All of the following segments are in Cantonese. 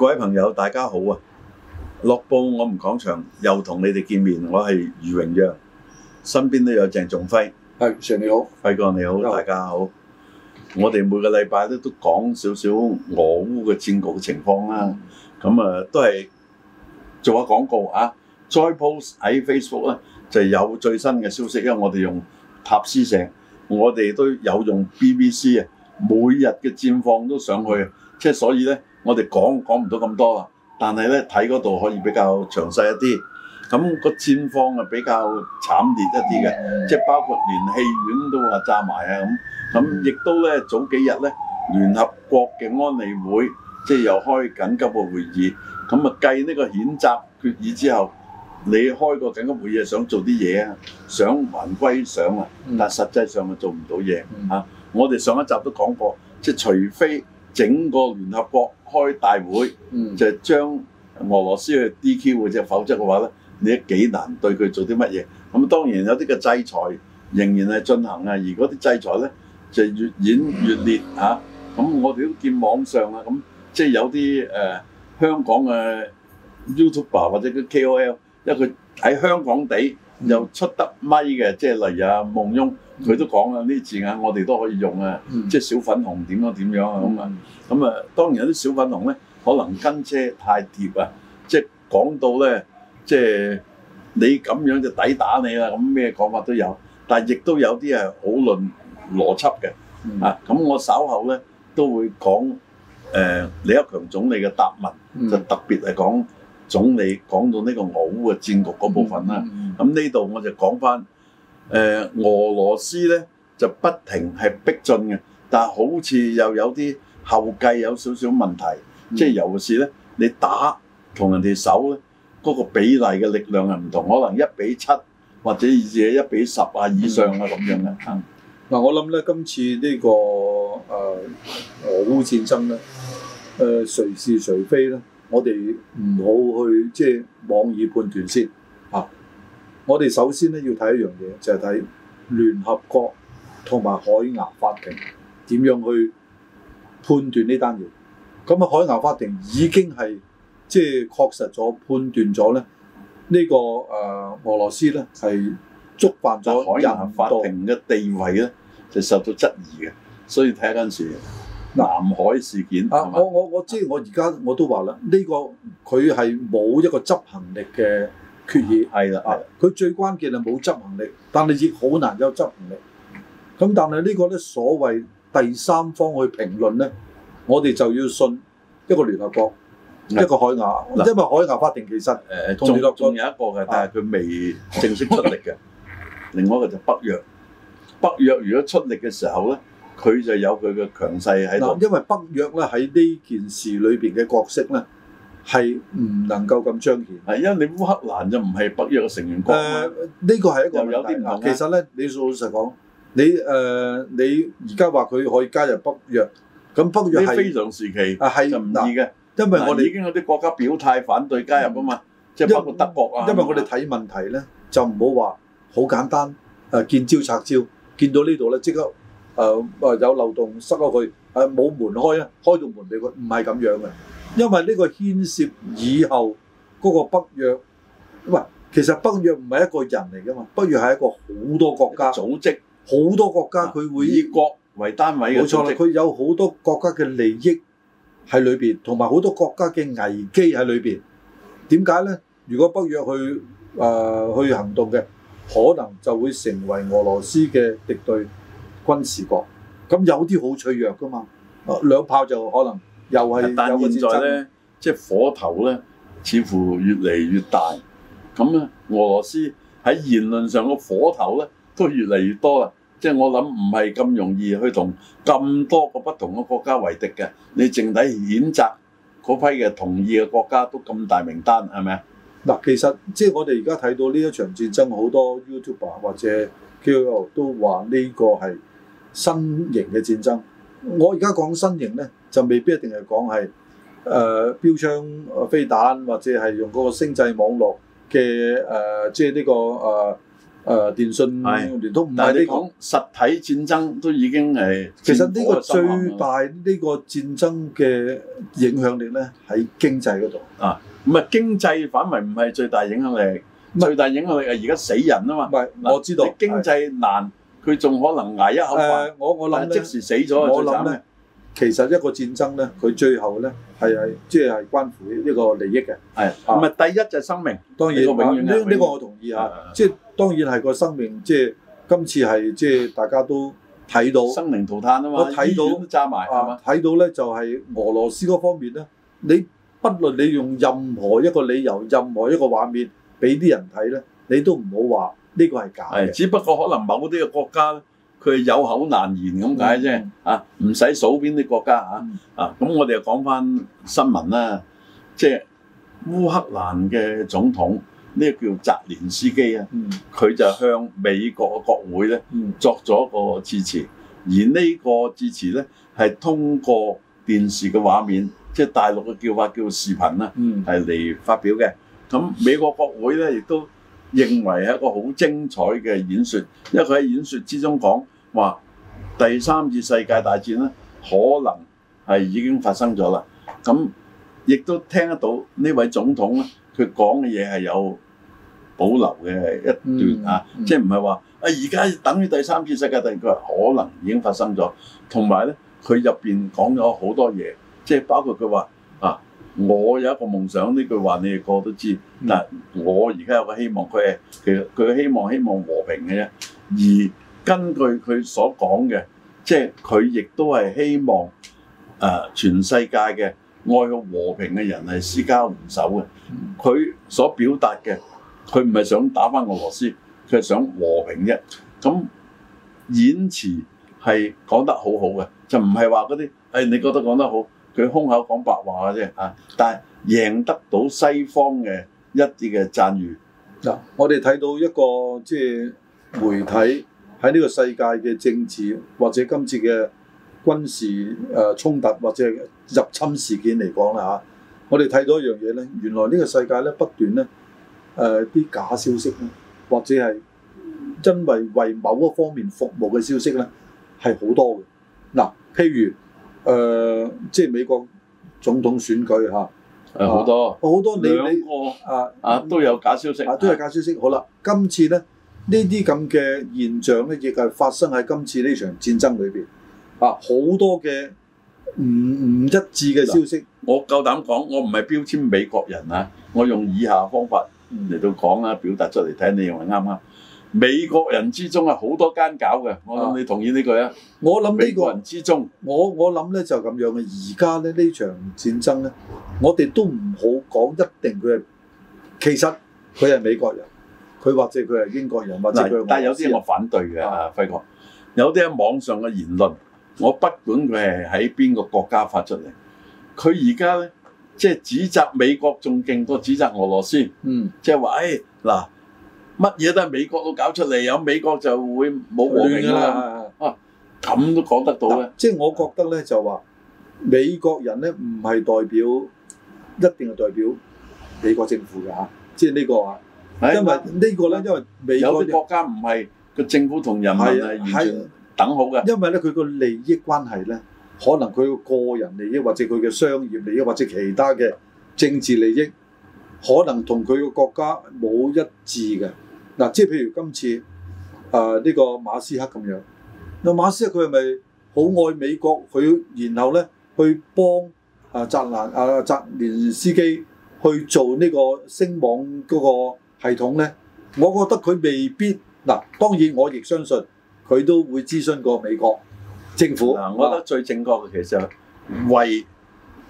各位朋友，大家好啊！樂報我們講場，又同你哋見面，我係余榮耀，身邊都有鄭仲輝。係，常你好，輝哥你好，大家好。我哋每個禮拜咧都講少少俄烏嘅戰局嘅情況啦。咁啊，都係做下廣告啊。再 post 喺 Facebook 咧，就有最新嘅消息，因為我哋用塔斯社，我哋都有用 BBC 啊，每日嘅戰況都上去，即係所以咧。我哋講講唔到咁多啦，但係呢睇嗰度可以比較詳細一啲，咁個戰況啊比較慘烈一啲嘅，即係、嗯、包括連戲院都話炸埋啊咁，咁、嗯、亦、嗯、都呢早幾日呢，聯合國嘅安理會即係又開緊急個會議，咁啊計呢個譴責決議之後，你開個緊急會議想做啲嘢啊，想還歸想啊，但實際上係、嗯、啊做唔到嘢嚇，我哋上一集都講過，即係除非。整個聯合國開大會，嗯、就將俄羅斯去 DQ 或者否則嘅話咧，你幾難對佢做啲乜嘢。咁當然有啲嘅制裁仍然係進行啊，而嗰啲制裁咧就越演越烈嚇。咁、嗯啊、我哋都見網上啊，咁即係有啲誒、呃、香港嘅 YouTuber 或者啲 KOL，因為佢喺香港地。又出得咪嘅，即係例如啊，夢翁佢都講啊，呢啲字眼我哋都可以用啊，即係小粉紅點樣點樣啊咁啊，咁啊，當然有啲小粉紅咧，可能跟車太貼啊，即係講到咧，即係你咁樣就抵打你啦，咁咩講法都有，但係亦都有啲係好論邏輯嘅啊，咁我稍後咧都會講誒李克強總理嘅答問，就特別係講。總理講到呢個俄烏嘅戰局嗰部分啦，咁呢度我就講翻，誒、呃、俄羅斯咧就不停係逼進嘅，但係好似又有啲後繼有少少問題，嗯、即係尤其是咧你打同人哋手咧嗰、嗯、個比例嘅力量係唔同，可能一比七或者甚至一比十啊以上啊咁、嗯、樣嘅。嗱我諗咧今次呢、這個誒、呃、俄烏戰爭咧，誒、呃、誰是誰非咧？我哋唔好去即係妄議判斷先吓。我哋首先咧要睇一樣嘢，就係睇聯合國同埋海牙法庭點樣去判斷呢單嘢。咁啊，海牙法庭已經係即係確實咗判斷咗咧，呢個誒俄羅斯咧係觸犯咗海牙法庭嘅地位咧，就受到質疑嘅。所以睇陣時。南海事件、啊、吧我我我知，我而家我都話啦，呢、這個佢係冇一個執行力嘅決議，係啦、啊，佢最關鍵就冇執行力，但係亦好難有執行力。咁但係呢個咧，所謂第三方去評論咧，我哋就要信一個聯合國，的一個海牙。啊、因為海牙法庭其實誒，仲仲、呃、有，有一個嘅，啊、但係佢未正式出力嘅。 另外一個就是北約，北約如果出力嘅時候咧。佢就有佢嘅強勢喺度，因為北約咧喺呢件事裏邊嘅角色咧係唔能夠咁彰顯，係因為你烏克蘭就唔係北約嘅成員國啦。誒，呢個係一個有啲唔同。其實咧，你老實講，你誒你而家話佢可以加入北約，咁北約係非常時期就唔易嘅，因為我哋已經有啲國家表態反對加入啊嘛，即係包括德國啊。因為我哋睇問題咧，就唔好話好簡單，誒見招拆招，見到呢度咧即刻。誒誒、呃、有漏洞塞咗佢，誒、啊、冇門開啊！開到門俾佢，唔係咁樣嘅。因為呢個牽涉以後嗰個北約，唔其實北約唔係一個人嚟噶嘛，北約係一個好多國家組織，好多國家佢會、啊、以國為單位，冇錯，佢有好多國家嘅利益喺裏邊，同埋好多國家嘅危機喺裏邊。點解咧？如果北約去誒、呃、去行動嘅，可能就會成為俄羅斯嘅敵對。軍事國咁有啲好脆弱噶嘛、啊？兩炮就可能又係有個戰爭。但現在咧，即係火頭咧，似乎越嚟越大。咁咧，俄羅斯喺言論上個火頭咧，都越嚟越多啦。即係我諗唔係咁容易去同咁多個不同嘅國家為敵嘅。你淨睇譴責嗰批嘅同意嘅國家都咁大名單，係咪啊？嗱，其實即係我哋而家睇到呢一場戰爭，好多 YouTuber 或者 QQ 都話呢個係，新型嘅戰爭，我而家講新型咧，就未必一定係講係誒標槍、飛彈或者係用嗰個星際網絡嘅誒，即係呢個誒誒、呃呃、電訊聯通。這個、但係你講實體戰爭都已經係其實呢個最大呢個戰爭嘅影響力咧，喺經濟嗰度啊，唔係，經濟反為唔係最大影響力，是最大影響力係而家死人啊嘛。唔係，我知道。經濟難。佢仲可能捱一口、呃、我我諗即使死咗我諗咧，其實一個戰爭咧，佢最後咧係係即係關乎呢一個利益嘅。唔的第一就生命。當然，呢呢個,個我同意嚇。即係遠、就是、當然係個生命，即、就、係、是、今次係即係大家都睇到。生靈塗炭啊嘛！我睇到，埋睇、啊、嗎到咧就係俄羅斯嗰方面咧。你不論你用任何一個理由、任何一個畫面俾啲人睇咧，你都唔好話。呢個係假嘅，只不過可能某啲嘅國家咧，佢係有口難言咁解啫。啊，唔使數邊啲國家啊，啊，咁我哋又講翻新聞啦，即係烏克蘭嘅總統，呢個叫澤連斯基啊，佢、嗯、就向美國嘅國會咧、嗯、作咗個致辭，而呢個致辭咧係通過電視嘅畫面，即、就、係、是、大陸嘅叫法叫視頻啦，係嚟、嗯、發表嘅。咁美國國會咧亦都，認為係一個好精彩嘅演說，因為佢喺演說之中講話第三次世界大戰咧，可能係已經發生咗啦。咁亦都聽得到呢位總統咧，佢講嘅嘢係有保留嘅一段、嗯嗯、啊，即係唔係話啊而家等於第三次世界大戰，佢話可能已經發生咗。同埋咧，佢入邊講咗好多嘢，即係包括佢話。我有一個夢想，呢句話你哋個個都知。嗱，嗯、我而家有個希望，佢係其實佢希望希望和平嘅啫。而根據佢所講嘅，即係佢亦都係希望誒、呃、全世界嘅愛好和平嘅人係施加援手嘅。佢、嗯、所表達嘅，佢唔係想打翻俄羅斯，佢係想和平啫。咁演詞係講得好好嘅，就唔係話嗰啲誒，你覺得講得好。佢空口講白話嘅啫嚇，但係贏得到西方嘅一啲嘅讚譽。嗱、啊，我哋睇到一個即係、就是、媒體喺呢個世界嘅政治或者今次嘅軍事誒衝突或者入侵事件嚟講啦嚇，我哋睇到一樣嘢咧，原來呢個世界咧不斷咧誒啲假消息或者係因為為某一方面服務嘅消息咧係好多嘅。嗱、啊，譬如。誒、呃，即係美國總統選舉嚇，誒、啊、好多，好多你你個啊啊都有假消息，啊，啊都有假消息。好啦，今次咧呢啲咁嘅現象咧，亦係發生喺今次呢，這這呢今次這場戰爭裏邊啊，好多嘅唔唔一致嘅消息。我夠膽講，我唔係標籤美國人啊，我用以下方法嚟到講啦，表達出嚟睇，你認為啱唔啱？美國人之中啊，好多奸狡嘅，我諗你同意呢句啊。我諗、呢個、美國人之中，我我諗咧就咁樣嘅。而家咧呢場戰爭咧，我哋都唔好講一定佢係，其實佢係美國人，佢 或者佢係英國人，或者佢但係有啲我反對嘅啊，輝哥、啊，有啲喺網上嘅言論，我不管佢係喺邊個國家發出嚟，佢而家咧即係指責美國仲勁過指責俄羅斯，嗯，即係話誒嗱。哎啊乜嘢都係美國都搞出嚟，有美國就會冇和平㗎喇。啊，咁都講得到嘅？即係我覺得咧，就話美國人咧唔係代表，一定係代表美國政府㗎。即係呢個啊，因為呢個咧，因為美國有國家唔係個政府同人民係完全等號嘅。因為咧，佢個利益關係咧，可能佢個個人利益或者佢嘅商業利益或者其他嘅政治利益，可能同佢個國家冇一致嘅。嗱、啊，即係譬如今次，誒、啊、呢、這個馬斯克咁樣，嗱、啊、馬斯克佢係咪好愛美國？佢然後咧去幫啊澤連啊澤連斯基去做呢個聲網嗰個系統咧？我覺得佢未必。嗱、啊，當然我亦相信佢都會諮詢過美國政府。嗱、啊，我覺得最正確嘅其實係為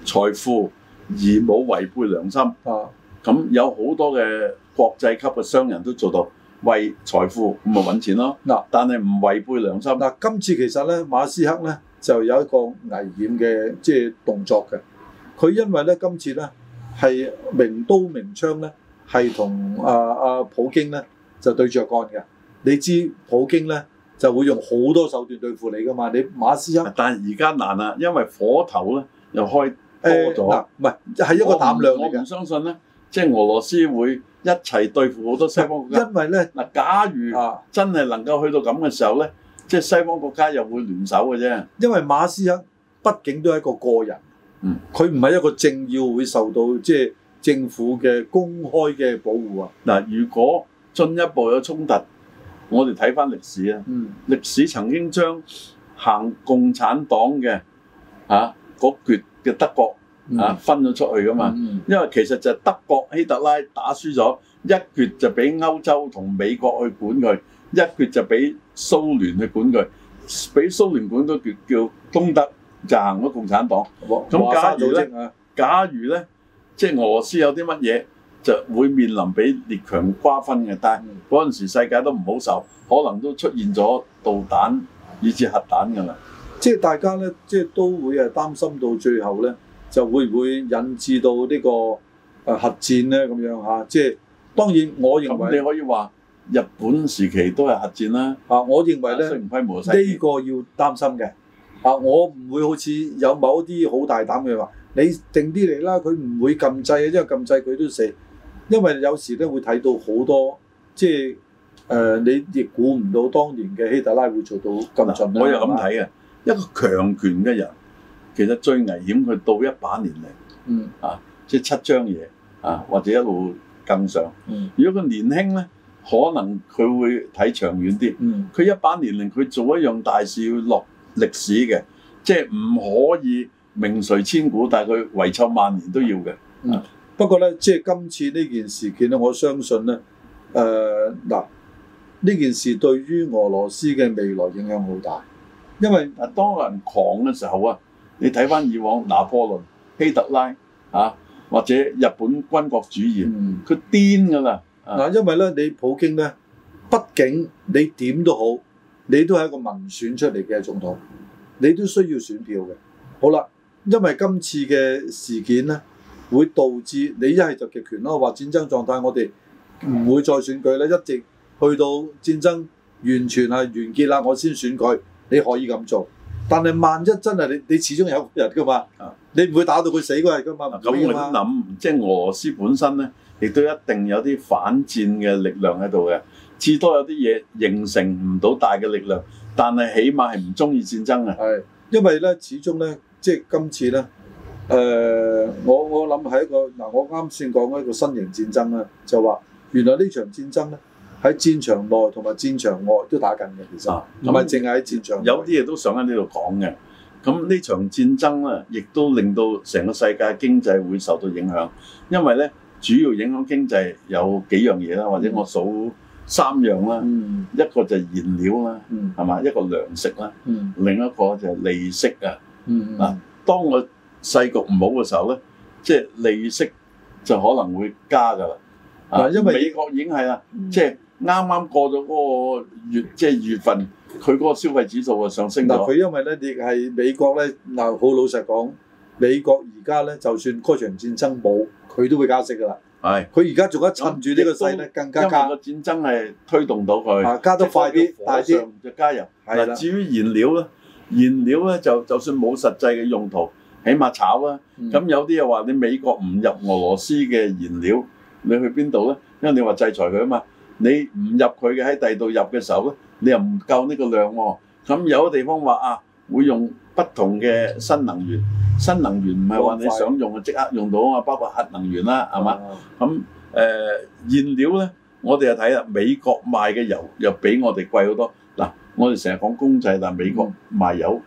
財富而冇違背良心。啊，咁有好多嘅國際級嘅商人都做到。為財富咁咪揾錢咯嗱，喏但係唔違背良心嗱。今次其實咧，馬斯克咧就有一個危險嘅即係動作嘅。佢因為咧今次咧係明刀明槍咧，係同阿阿普京咧就對着幹嘅。你知普京咧就會用好多手段對付你噶嘛？你馬斯克但係而家難啦，因為火頭咧又開多咗，唔係係一個膽量嚟嘅。我唔相信咧，即係俄羅斯會。一齊對付好多西方國家。因為咧嗱，假如真係能夠去到咁嘅時候咧，即係西方國家又會聯手嘅啫。因為馬斯克畢竟都係一個個人，佢唔係一個政要會受到即係政府嘅公開嘅保護啊。嗱，如果進一步有衝突，我哋睇翻歷史啊，歷史曾經將行共產黨嘅啊嗰段嘅德國。啊，分咗出去噶嘛？因為其實就係德國希特拉打輸咗，一決就俾歐洲同美國去管佢，一決就俾蘇聯去管佢，俾蘇聯管都叫叫東德，就行咗共產黨。咁假如咧，假如咧，即係俄羅斯有啲乜嘢，就會面臨俾列強瓜分嘅。但係嗰陣時世界都唔好受，可能都出現咗導彈以至核彈㗎啦。即係大家咧，即係都會係擔心到最後咧。就會唔會引致到呢個誒核戰咧咁樣吓？即係當然，我認為你可以話日本時期都係核戰啦。啊，我認為咧呢個要擔心嘅。啊，我唔會好似有某一啲好大膽嘅話，你定啲嚟啦，佢唔會㩒掣嘅，因為㩒掣佢都死，因為有時咧會睇到好多即係誒，你亦估唔到當年嘅希特拉會做到咁盡。我又咁睇嘅，啊、一個強權嘅人。其實最危險佢到一把年齡，嗯啊，即係七張嘢啊，或者一路更上。嗯、如果佢年輕咧，可能佢會睇長遠啲。佢、嗯、一把年齡，佢做一樣大事要落歷史嘅，即係唔可以名垂千古，但係佢遺臭萬年都要嘅。嗯啊、不過咧，即係今次呢件事件咧，我相信咧，誒、呃、嗱，呢件事對於俄羅斯嘅未來影響好大，因為啊，當人狂嘅時候啊～你睇翻以往拿破崙、希特拉啊，或者日本軍國主義，佢癲㗎啦！嗱、嗯，因為咧，你普京咧，畢竟你點都好，你都係一個民選出嚟嘅總統，你都需要選票嘅。好啦，因為今次嘅事件咧，會導致你一係就極權咯，話戰爭狀態，我哋唔會再選舉咧，一直去到戰爭完全係完結啦，我先選舉，你可以咁做。但係萬一真係你，你始終有日噶嘛？啊、你唔會打到佢死嗰日噶嘛？咁、啊、我點諗？即、就、係、是、俄羅斯本身咧，亦都一定有啲反戰嘅力量喺度嘅。至多有啲嘢形成唔到大嘅力量，但係起碼係唔中意戰爭嘅。係，因為咧，始終咧，即係今次咧，誒、呃，我我諗係一個嗱，我啱先講一個新型戰爭啦，就話原來呢場戰爭咧。喺戰場內同埋戰場外都打緊嘅，其實，同埋淨係喺戰場。有啲嘢都想喺呢度講嘅。咁呢場戰爭咧，亦都令到成個世界經濟會受到影響。因為咧，主要影響經濟有幾樣嘢啦，或者我數三樣啦。嗯、一個就係燃料啦，係嘛、嗯？一個糧食啦，嗯、另一個就係利息、嗯、啊。嗱，當我勢局唔好嘅時候咧，即係利息就可能會加㗎啦。嗱、啊，因為美國已經係啦，嗯、即係。啱啱過咗嗰個月，即係二月份，佢嗰個消費指數啊，上升，但佢因為咧亦係美國咧，嗱，好老實講，美國而家咧就算嗰場戰爭冇，佢都會加息噶啦。係的，佢而家仲加趁住呢個勢咧，都更加加。因為個戰爭係推動到佢。加得快啲、大啲就加油。嗱的，至於燃料咧，燃料咧就就算冇實際嘅用途，起碼炒啦。咁、嗯、有啲又話你美國唔入俄羅斯嘅燃料，你去邊度咧？因為你話制裁佢啊嘛。你唔入佢嘅喺第二度入嘅時候咧，你又唔夠呢個量喎。咁有啲地方話啊，會用不同嘅新能源，新能源唔係話你想用就即刻用到啊，包括核能源啦，係嘛？咁誒，燃料咧，我哋又睇下，美國賣嘅油又比我哋貴好多。嗱，我哋成日講公制，但係美國賣油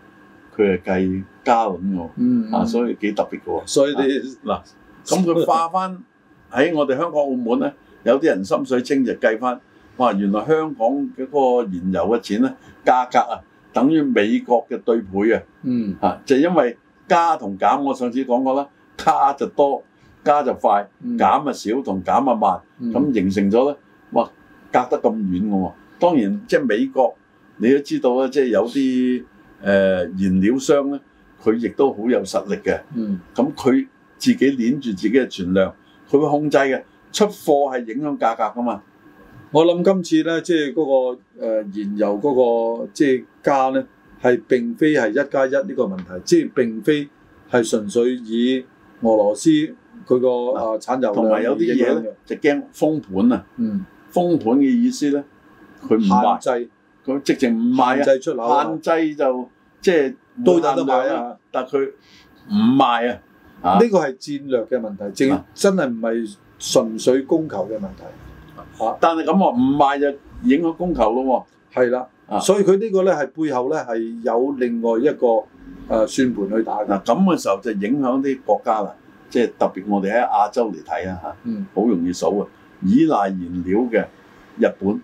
佢係計加侖㗎喎，啊，所以幾特別㗎喎。所以你嗱，咁佢化翻喺我哋香港澳門咧。有啲人心水清就計返，哇！原來香港嗰個燃油嘅錢咧，價格啊，等於美國嘅對倍啊。嗯。啊、就係、因為加同減，我上次講過啦，加就多，加就快，減就少同減就慢，咁、嗯嗯、形成咗咧，哇，隔得咁遠喎。當然，即係美國，你都知道啦，即係有啲誒、呃、燃料商咧，佢亦都好有實力嘅。嗯。咁佢、嗯、自己捻住自己嘅存量，佢會控制嘅。出貨係影響價格噶嘛？我諗今次咧，即係嗰個、呃、燃油嗰、那個即係、就是、加咧，係並非係一加一呢個問題，即、就、係、是、並非係純粹以俄羅斯佢個誒產油量同埋有啲嘢咧，嗯、就驚封盤啊！嗯，封盤嘅意思咧，佢唔賣。限制佢直情唔賣啊！限制，出啊限制就即係、就是、都得、啊、賣啊，但係佢唔賣啊！呢個係戰略嘅問題，正、啊、真係唔係。純粹供求嘅問題，啊、但係咁喎，唔賣就影響供求咯喎、啊，係啦的，啊、所以佢呢個咧係背後咧係有另外一個誒、呃、算盤去打嘅，咁嘅時候就影響啲國家啦，即係特別我哋喺亞洲嚟睇啦嚇，好、嗯、容易數啊，依賴燃料嘅日本，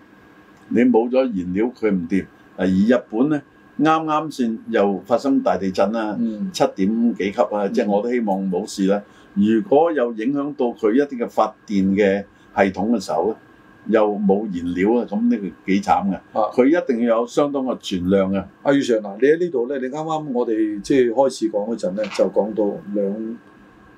你冇咗燃料佢唔掂，而日本咧啱啱先又發生大地震啦，嗯、七點幾級啊，嗯、即係我都希望冇事啦。如果有影響到佢一啲嘅發電嘅系統嘅時候咧，又冇燃料這這啊，咁呢個幾慘嘅。佢一定要有相當嘅存量嘅。阿宇 Sir，嗱，你喺呢度咧，你啱啱我哋即係開始講嗰陣咧，就講到兩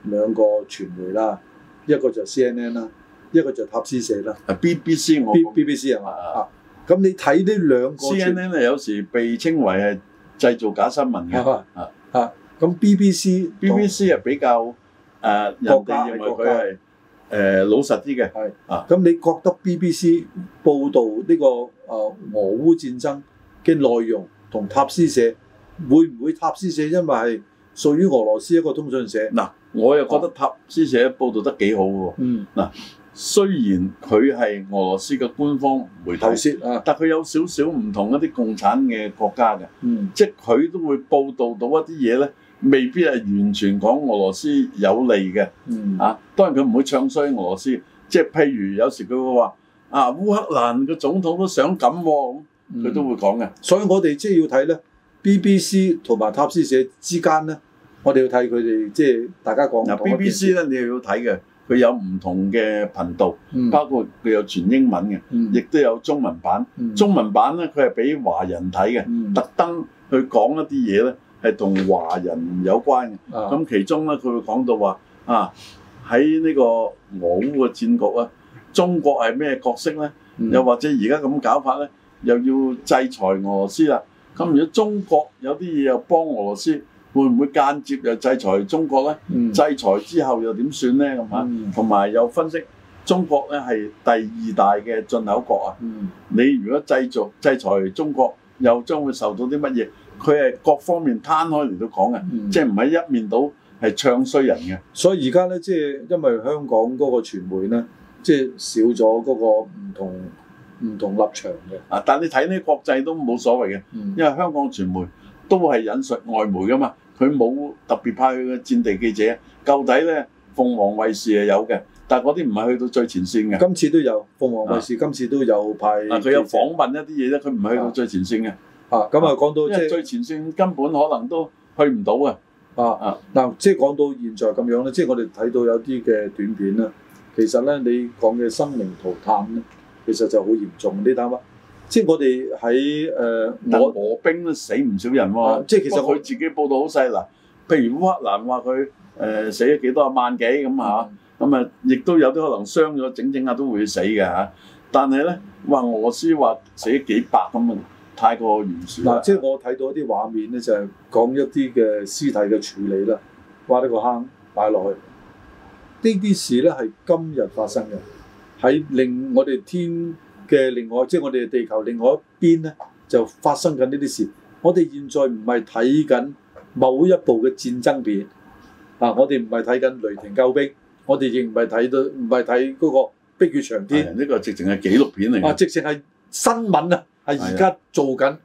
兩個傳媒啦，一個就 C N N 啦，一個就塔斯社啦。啊 B B C 我 B B B C 係嘛啊？咁、啊啊、你睇呢兩個 C N N 咧，有時候被稱為係製造假新聞嘅、啊。啊咁 B B C B B C 係比較。誒、呃、人哋認為佢係誒老實啲嘅，係是啊。咁你覺得 BBC 報道呢、這個誒、呃、俄烏戰爭嘅內容同塔斯社會唔會塔斯社，因為係屬於俄羅斯一個通訊社。嗱、啊，我又覺得塔斯社報道得幾好喎、啊。嗯。嗱、啊，雖然佢係俄羅斯嘅官方媒體先啊，但佢有少少唔同一啲共產嘅國家嘅。嗯。即係佢都會報道到一啲嘢咧。未必係完全講俄羅斯有利嘅，嗯、啊，當然佢唔會唱衰俄羅斯，即係譬如有時佢會話啊，烏克蘭嘅總統都想咁喎、啊，佢、嗯、都會講嘅。所以我哋即係要睇咧，BBC 同埋塔斯社之間咧，我哋要睇佢哋即係大家講一講一。嗱、啊，BBC 咧你又要睇嘅，佢有唔同嘅頻道，嗯、包括佢有全英文嘅，亦、嗯、都有中文版。嗯、中文版咧佢係俾華人睇嘅，特登、嗯、去講一啲嘢咧。係同華人有關嘅，咁、啊、其中咧佢會講到話啊喺呢個俄烏嘅戰局啊，中國係咩角色咧？嗯、又或者而家咁搞法咧，又要制裁俄羅斯啦。咁、嗯、如果中國有啲嘢又幫俄羅斯，會唔會間接又制裁中國咧？嗯、制裁之後又點算咧？咁啊、嗯，同埋又分析中國咧係第二大嘅進口國啊。嗯、你如果制裁、制裁中國，又將會受到啲乜嘢？佢係各方面攤開嚟到講嘅，嗯、即係唔係一面倒係唱衰人嘅。所以而家咧，即、就、係、是、因為香港嗰個傳媒咧，即、就、係、是、少咗嗰個唔同唔同立場嘅。啊，但你睇啲國際都冇所謂嘅，嗯、因為香港傳媒都係引述外媒噶嘛，佢冇特別派去嘅戰地記者。舊底咧，鳳凰衛視係有嘅，但係嗰啲唔係去到最前線嘅。今次都有鳳凰衛視，啊、今次都有派。佢、啊、有訪問一啲嘢啫，佢唔係去到最前線嘅。啊，咁啊，講到即係最前線，根本可能都去唔到嘅，啊啊，嗱、啊啊，即係講到現在咁樣咧，即係我哋睇到有啲嘅短片咧，其實咧你講嘅生靈塗炭咧，其實就好嚴重，你睇下，即係我哋喺誒俄俄兵都死唔少人喎，啊啊、即係其實佢自己報道好細，嗱，譬如烏克蘭話佢誒死咗幾多萬幾咁嚇，咁、嗯、啊亦都有啲可能傷咗，整整下都會死嘅嚇、啊，但係咧話俄斯話死咗幾百咁啊。太過原始嗱，即係我睇到一啲畫面咧，就係、是、講一啲嘅屍體嘅處理啦，挖一個坑擺落去。呢啲事咧係今日發生嘅，喺另我哋天嘅另外，即係我哋地球另外一邊咧，就發生緊呢啲事。我哋現在唔係睇緊某一部嘅戰爭片啊，我哋唔係睇緊雷霆救兵，我哋亦唔係睇到唔係睇嗰個碧血長天。呢、啊這個直情係紀錄片嚟。啊，直情係新聞啊！係，而家做緊，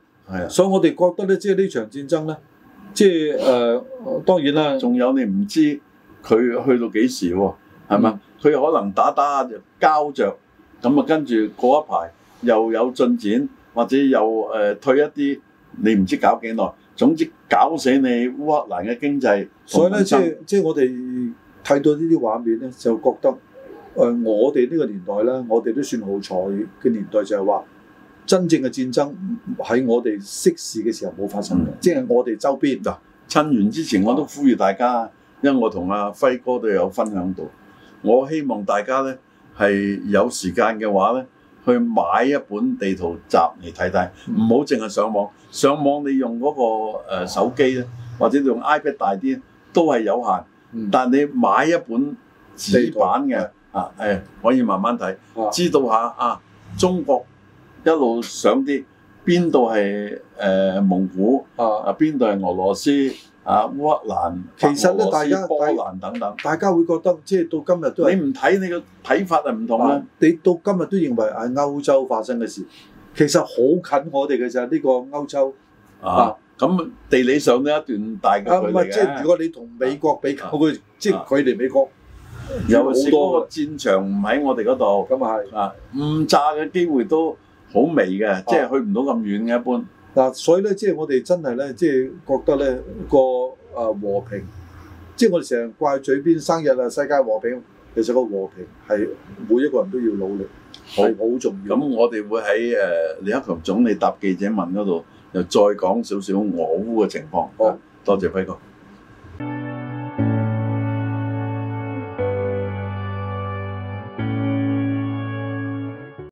所以我哋覺得咧，即係呢場戰爭咧，即係誒，當然啦，仲有你唔知佢去到幾時喎，係嘛？佢、嗯、可能打打就膠著，咁啊跟住過一排又有進展，或者又誒、呃、退一啲，你唔知搞幾耐。總之搞死你烏克蘭嘅經濟，所以咧，即係即係我哋睇到呢啲畫面咧，就覺得誒、呃，我哋呢個年代咧，我哋都算好彩嘅年代就係話。真正嘅戰爭喺我哋識事嘅時候冇發生嘅，嗯、即係我哋周邊啊。趁完之前我都呼籲大家，啊、因為我同阿、啊、輝哥都有分享到，我希望大家呢係有時間嘅話呢，去買一本地圖集嚟睇睇，唔好淨係上網。上網你用嗰個手機呢，啊、或者用 iPad 大啲都係有限，嗯、但你買一本紙版嘅圖啊，可以慢慢睇，啊、知道下啊中國。一路上啲邊度係誒蒙古啊？邊度係俄羅斯啊？烏克蘭、俄羅斯、波蘭等等，大家會覺得即係到今日都你唔睇你個睇法係唔同啦。你到今日都認為係歐洲發生嘅事，其實好近我哋嘅啫。呢個歐洲啊，咁地理上咧一段大嘅距離啊。唔係即係如果你同美國比較嘅，即係佢哋美國有好多個戰場唔喺我哋嗰度，咁啊係啊，誤炸嘅機會都。好微嘅，啊、即係去唔到咁遠嘅一般。嗱、啊，所以咧，即、就、係、是、我哋真係咧，即、就、係、是、覺得咧個誒、啊、和平，即係我哋成日怪嘴邊生日啊，世界和平。其實個和平係每一個人都要努力，好好是重要。咁我哋會喺誒、呃、李克強總理答記者問嗰度，又再講少少俄烏嘅情況。好多謝輝哥。